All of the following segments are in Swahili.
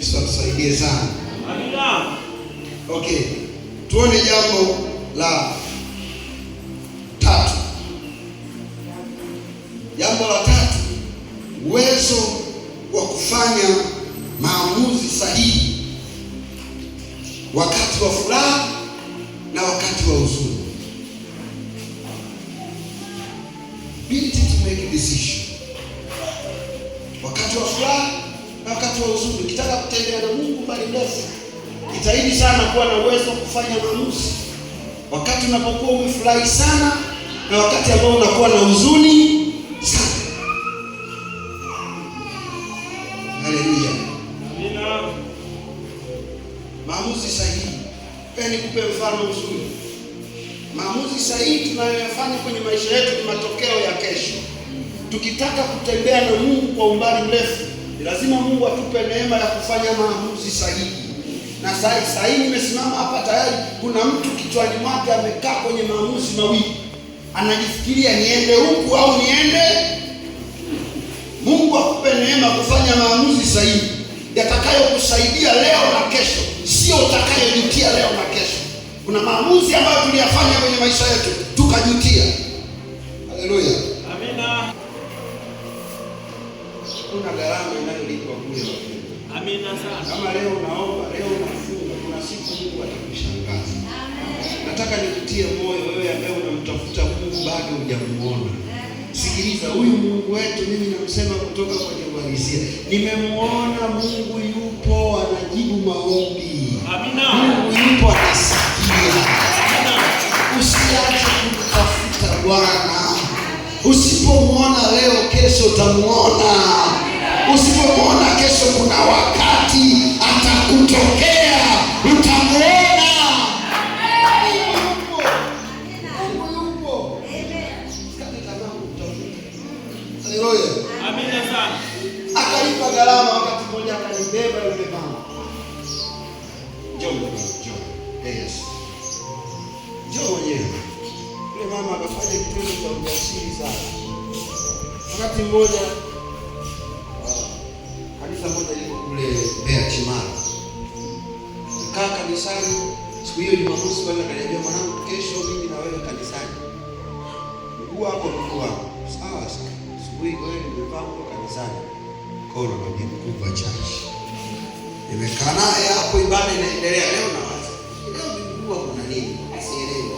Kristo atusaidie sana. Amina. Okay, tuone jambo la tatu. Jambo la tatu, uwezo wa kufanya maamuzi sahihi wakati wa furaha na wakati wa huzuni. Binti to make a decision Ukitaka kutembea na Mungu mbali ndefu, jitahidi sana kuwa na uwezo wa kufanya maamuzi wakati unapokuwa umefurahi sana na wakati ambao unakuwa na huzuni sana. Haleluya, amina. Maamuzi sahihi. Peni kupe mfano mzuri. Maamuzi sahihi tunayoyafanya kwenye maisha yetu ni matokeo ya kesho. Tukitaka kutembea na Mungu kwa umbali mrefu ni lazima Mungu atupe neema ya kufanya maamuzi sahihi. Na sahi nimesimama hapa tayari, kuna mtu kichwani mwake amekaa kwenye maamuzi mawili, anajifikiria niende huku au niende. Mungu akupe neema kufanya maamuzi sahihi yatakayokusaidia leo na kesho, sio utakayojutia leo na kesho. Kuna maamuzi ambayo tuliyafanya kwenye maisha yetu tukajutia. Haleluya! kuna gharama inayolipwa kule wapendwa. Amina sana. Kama leo unaomba, leo unafunga, kuna siku Mungu atakushangaza. Amen. Nataka nikutie moyo wewe ambaye unamtafuta Mungu bado hujamuona. Sikiliza, huyu Mungu wetu mimi namsema kutoka kwenye uhalisia. Nimemuona Mungu yupo anajibu maombi. Amina. Mungu yupo anasikia. Amina. Usiache kumtafuta Bwana. Usipomwona leo, kesho utamwona usipomwona kesho, kuna wakati atakutokea, utamwona akalipa gharama. Wakati mmoja akalibeba yule mama, njoo Yule mama akafanya kitendo cha ujasiri sana, wakati mmoja kazi. Siku hiyo Jumamosi bwana akaniambia, mwanangu, kesho mimi na wewe kanisani. Mguu wako mguu wako. Sawa sawa. Siku hiyo wewe nimevaa kwa kanisani. Kwa hiyo ndio mkuu wa church. Nimekaa naye hapo, ibada inaendelea. Leo na nawaza. Leo mguu wako na nini? Sielewi.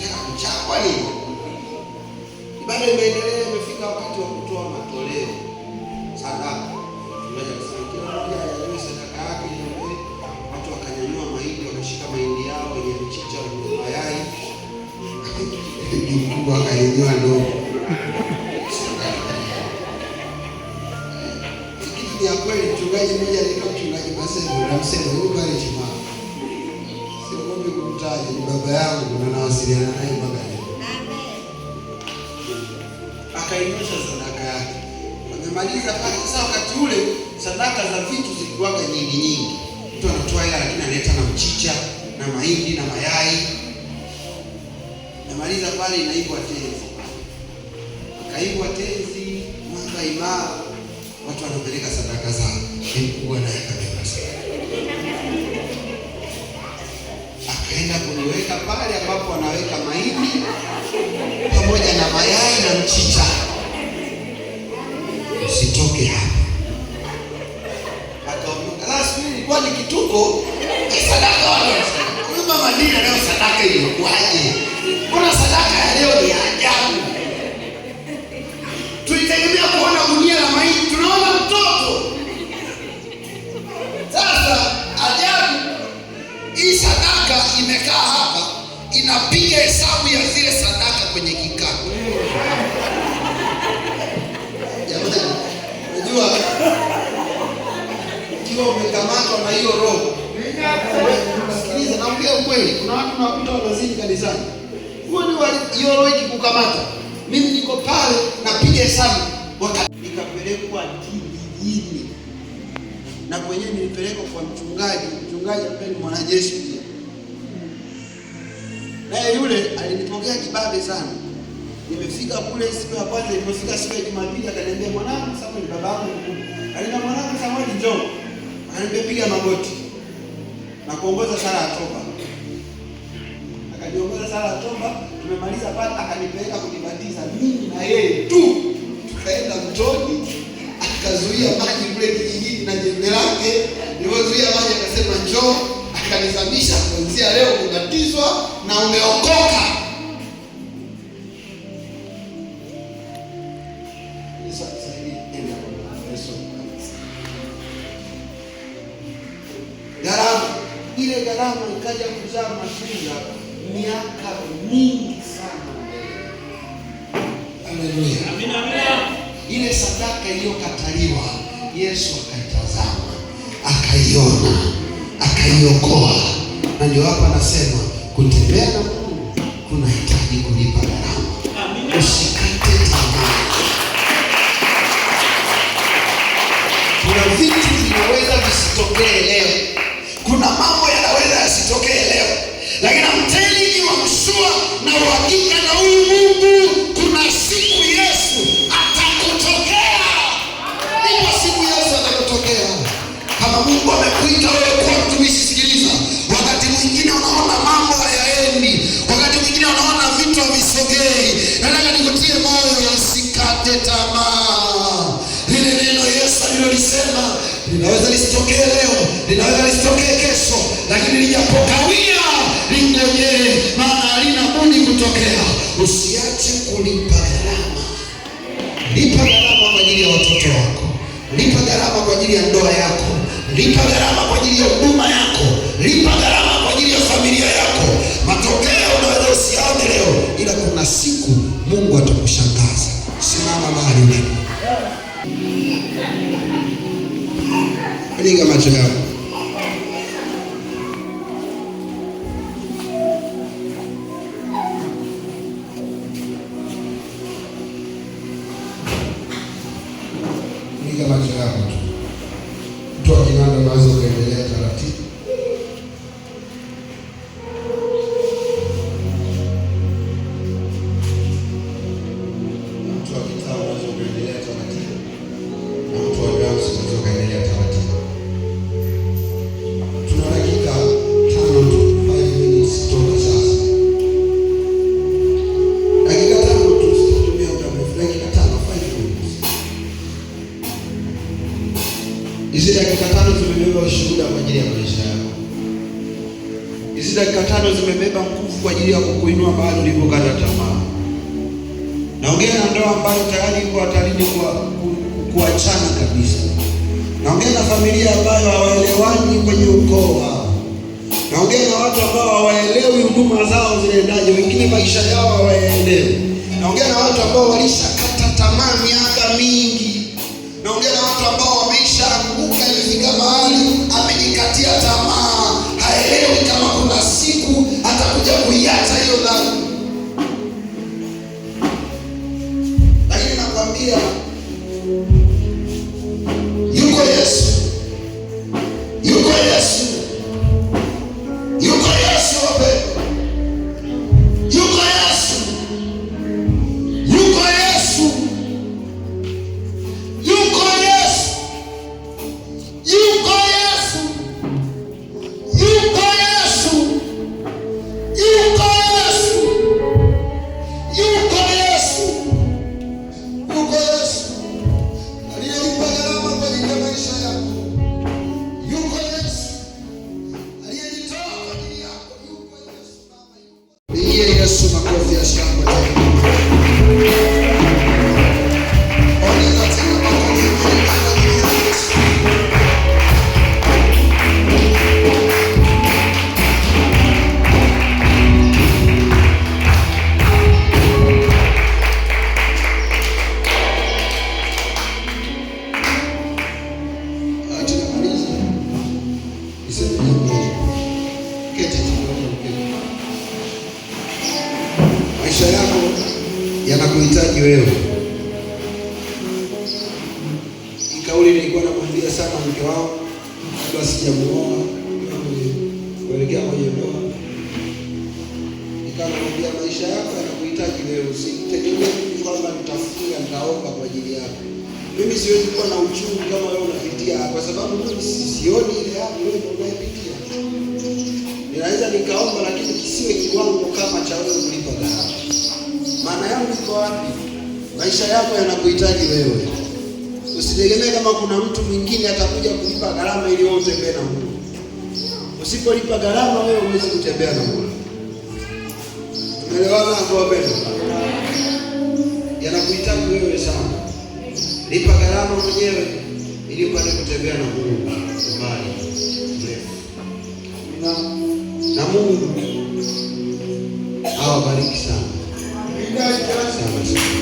Sasa mchakwa nini? Ibada imeendelea, imefika wakati wa kutoa matoleo. kuinua ndoo ya kweli. Mchungaji mmoja alikuwa mchungaji Basebo, namsema huyu bali chuma, sio ngombe kumtaja, ni baba yangu na nawasiliana naye mpaka leo. Akainusha sadaka yake, amemaliza pale. Sasa wakati ule sadaka za vitu zilikuwaga nyingi nyingi, mtu anatoa hela, lakini analeta na mchicha na mahindi na mayai Ukimaliza pale inaibwa tenzi, akaibwa tenzi mwamba imara, watu wanapeleka sadaka zao, ni naye hiyo roho. Sikiliza, naongea ukweli. Kuna watu nakuta wanazini kanisani, huo ni hiyo roho ikikukamata. Mimi niko pale napiga hesabu, wakati nikapelekwa kijijini, na kwenyewe nilipelekwa kwa mchungaji. Mchungaji ambaye ni mwanajeshi pia, naye yule alinipokea kibabe sana. Nimefika kule siku ya kwanza, ilipofika siku ya Jumapili akaniambia, mwanangu yangu mkubwa, alina mwanangu Samuel, njoo na nimepiga magoti na kuongoza sala ya toba, akaniongoza sala ya toba. Tumemaliza pale, akanipeleka kujibatiza mimi na yeye tu, tukaenda mtoni, akazuia maji kule kijijini na jembe lake. Nilipozuia maji, akasema njoo, akanisamisha kuanzia leo umebatizwa na umeokoka. kaja kuzaa matunda miaka mingi sana Haleluya, amina, amina. Ile sadaka iliyokataliwa Yesu akaitazama, akaiona, akaiokoa, na ndio hapa anasema kutembea na Mungu kunahitaji kulipa gharama. Usikate tamaa, kuna vitu vinaweza visitokee leo kuna mambo yanaweza yasitokee leo, lakini amteli ni wamsua na uhakika na huyu Mungu, kuna siku Yesu atakutokea. Ipo siku Yesu atakutokea kama Mungu amekuita wekwa linaweza lisitokee leo, linaweza lisitokee kesho, lakini lijapokawia lingojee, maana halina budi kutokea. Usiache kulipa gharama. Lipa gharama kwa ajili ya watoto wako, lipa gharama kwa ajili ya ndoa yako, lipa gharama kwa ajili ya huduma yako, lipa gharama kwa ajili ya familia yako. Matokeo unaweza usiaone leo, ila kuna siku Mungu atakushangaza. Simama mahali Diga, Liga, Diga, Matilhão. Estou aqui nada mais do que ndoa bado lipokata tamaa. Naongea na ndoa ambayo tayari iko hatarini kuachana kabisa. Naongea na familia ambayo hawaelewani kwenye ukoo wao. Naongea na watu ambao hawaelewi huduma zao zinaendaje, wengine maisha yao hawaelewi. Naongea na watu ambao walishakata tamaa miaka mingi. Naongea na watu ambao wanakuambia sana mke wao kabla sijamuoa kuelekea kwenye ndoa, nikawa namwambia maisha yako yanakuhitaji wewe, usitegemee mimi kwamba nitafutia nitaomba kwa ajili yako. Mimi siwezi kuwa na uchungu kama wewe unapitia, kwa sababu mimi sioni ile hali wewe unayopitia. Ninaweza nikaomba, lakini kisiwe kiwango kama cha wewe kulipa gharama. Maana yangu iko wapi? Maisha yako yanakuhitaji wewe. Usitegemee kama kuna mtu mwingine atakuja kulipa gharama ili wewe utembee na Mungu. Usipolipa gharama wewe huwezi kutembea na Mungu. Umeelewana hapo wapendwa? Yanakuhitaji wewe sana. Lipa gharama mwenyewe ili upate kutembea na Mungu mbali Na, na Mungu awabariki sana. Amina. Sana sana.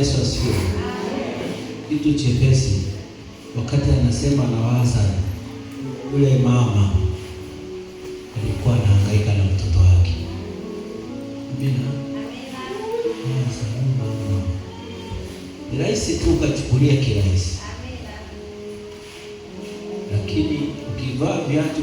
Yesu asifiwe. Kitu chepesi, wakati anasema nawaza, ule mama alikuwa anahangaika na mtoto wake. Amina. Ni rahisi tu ukachukulia kirahisi, lakini ukivaa viatu